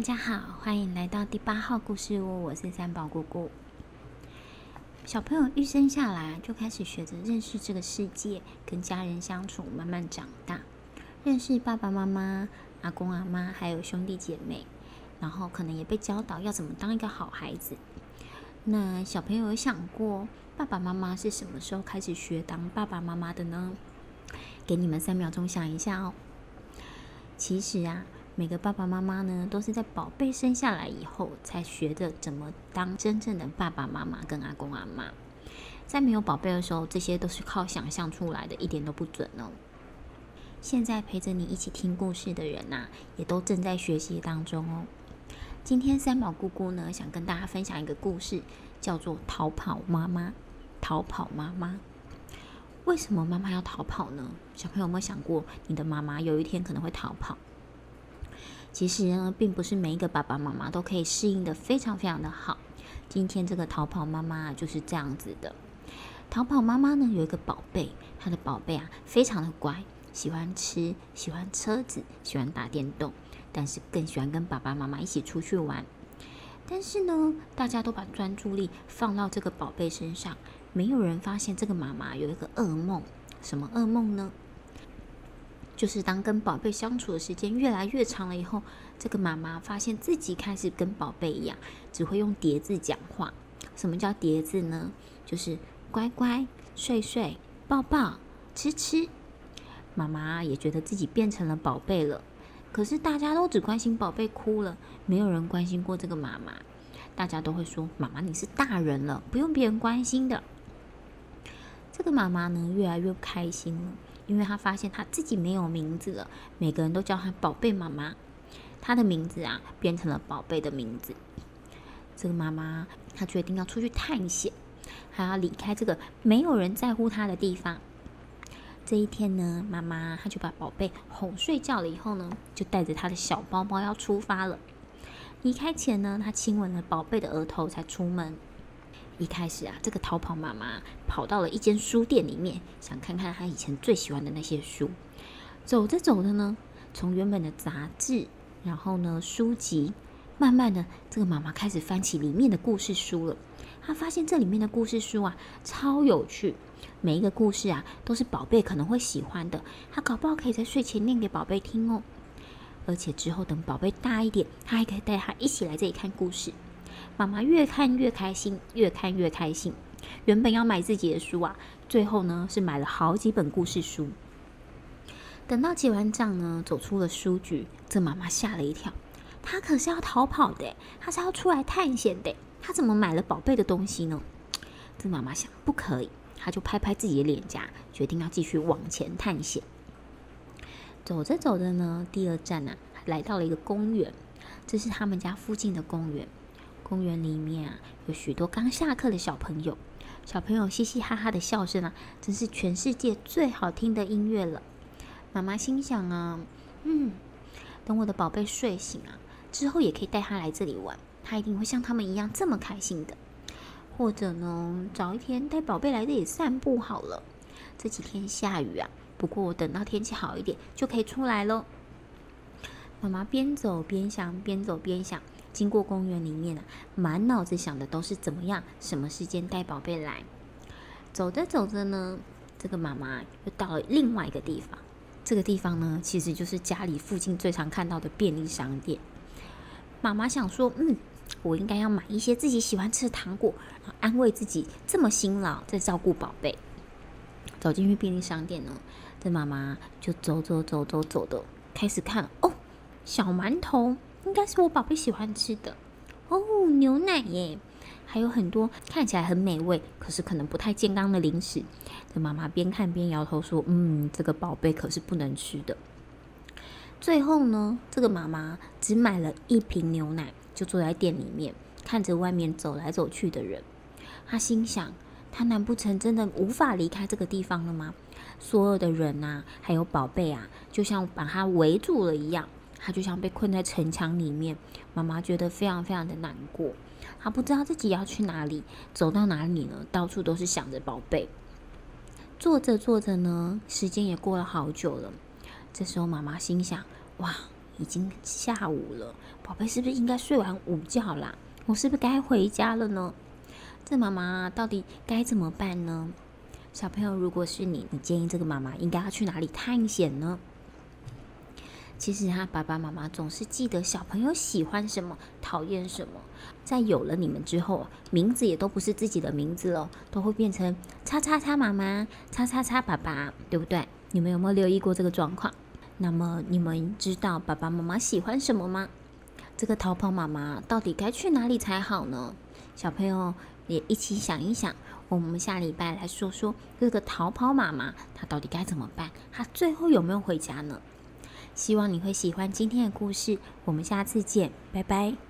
大家好，歡迎來到第八號故事屋，我是三寶菇菇。小朋友一生下來就開始學着認識這個世界，跟家人相處，慢慢長大，認識爸爸媽媽、阿公阿媽，還有兄弟姐妹，然後可能也被教導要怎麼當一個好孩子。那小朋友有想過爸爸媽媽是什麼時候開始學當爸爸媽媽的呢？給你們三秒鐘想一下哦。其實啊。每個爸爸媽媽呢，都是在寶貝生下來以後才學着怎麼當真正的爸爸媽媽跟阿公阿媽。在沒有寶貝的時候，這些都是靠想象出來的，一點都不準哦。現在陪着你一起聽故事的人吶、啊，也都正在學習當中哦。今天三寶菇菇呢，想跟大家分享一個故事，叫做《逃跑媽媽》。逃跑媽媽，為什麼媽媽要逃跑呢？小朋友有沒有想過，你的媽媽有一天可能會逃跑？其實呢，並不是每一個爸爸媽媽都可以適應得非常非常的好。今天這個逃跑媽媽就是這樣子的。逃跑媽媽呢，有一個寶貝，她的寶貝啊，非常的乖，喜歡吃，喜歡車子，喜歡打電動，但是更喜歡跟爸爸媽媽一起出去玩。但是呢，大家都把專注力放到這個寶貝身上，沒有人發現這個媽媽有一個噩夢。什麼噩夢呢？就是當跟寶貝相處的時間越來越長了以後，這個媽媽發現自己開始跟寶貝一樣，只會用疊字講話。什麼叫疊字呢？就是乖乖、睡睡、抱抱、吃吃。媽媽也覺得自己變成了寶貝了。可是大家都只關心寶貝哭了，沒有人關心過這個媽媽。大家都會說：“媽媽，你是大人了，不用別人關心的。”這個媽媽呢，越來越開心了。因為她發現她自己沒有名字了，每個人都叫她“寶貝媽媽”，她的名字啊變成了“寶貝”的名字。這個媽媽她決定要出去探險，還要離開這個沒有人在乎她的地方。這一天呢，媽媽她就把寶貝哄睡覺了，以後呢就帶着她的小包包要出發了。離開前呢，她親吻了寶貝的額頭才出門。一開始啊，這個逃跑媽媽跑到了一間書店裡面，想看看她以前最喜歡的那些書。走着走着呢，從原本的雜誌，然後呢書籍，慢慢的，這個媽媽開始翻起裡面的故事書了。她發現這裡面的故事書啊，超有趣，每一個故事啊，都是寶貝可能會喜歡的。她搞不好可以在睡前念給寶貝聽哦。而且之後等寶貝大一點，她還可以帶他一起來這裡看故事。媽媽越看越開心，越看越開心。原本要買自己的書啊，最後呢是買了好幾本故事書。等到結完賬呢，走出了書局，這媽媽嚇了一跳。她可是要逃跑的欸，她是要出來探險的欸。她怎麼買了寶貝的東西呢？這媽媽想，不可以。她就拍拍自己的臉頰，決定要繼續往前探險。走着走着呢，第二站呢啊，來到了一個公園。這是他們家附近的公園。公園裡面啊，有許多剛下課的小朋友，小朋友嘻嘻哈哈的笑聲啊，真是全世界最好聽的音樂了。媽媽心想啊，嗯，等我的寶貝睡醒啊之後，也可以帶他來這裡玩，他一定會像他們一樣這麼開心的。或者呢，找一天帶寶貝來這裡散步好了。這幾天下雨啊，不過等到天氣好一點就可以出來嘍。媽媽邊走邊想，邊走邊想。經過公園裡面呢、啊，滿腦子想的都是怎麼樣，什麼時間帶寶貝來。走着走着呢，這個媽媽又到了另外一個地方。這個地方呢，其實就是家裡附近最常看到的便利商店。媽媽想說，嗯，我應該要買一些自己喜歡吃的糖果，安慰自己這麼辛勞在照顧寶貝。走進去便利商店呢，這媽媽就走走走走走的開始看哦，小饅頭。應該是我寶貝喜歡吃的哦，牛奶耶，還有很多看起來很美味，可是可能不太健康的零食。這媽媽邊看邊搖頭說：“嗯，這個寶貝可是不能吃的。”最後呢，這個媽媽只買了一瓶牛奶，就坐在店裡面看着外面走來走去的人。她心想：她難不成真的無法離開這個地方了嗎？所有的人啊，還有寶貝啊，就像把她圍住了一樣。他就像被困在城牆裡面，媽媽覺得非常非常的難過。他不知道自己要去哪裡，走到哪裡呢？到處都是想着寶貝。坐着坐着呢，時間也過了好久了。這時候媽媽心想：哇，已經下午了，寶貝是不是應該睡完午覺啦？我是不是該回家了呢？這媽媽到底該怎麼辦呢？小朋友，如果是你，你建議這個媽媽應該要去哪裡探險呢？其實他爸爸媽媽總是記得小朋友喜歡什麼、討厭什麼。在有了你們之後，名字也都不是自己的名字了，都會變成“叉叉叉媽媽”、“叉叉叉爸爸”，對不對？你們有沒有留意過這個狀況？那麼你們知道爸爸媽媽喜歡什麼嗎？這個逃跑媽媽到底該去哪裡才好呢？小朋友也一起想一想。我們下禮拜來說說這個逃跑媽媽，她到底該怎麼辦？她最後有沒有回家呢？希望你會喜歡今天的故事，我們下次見，拜拜。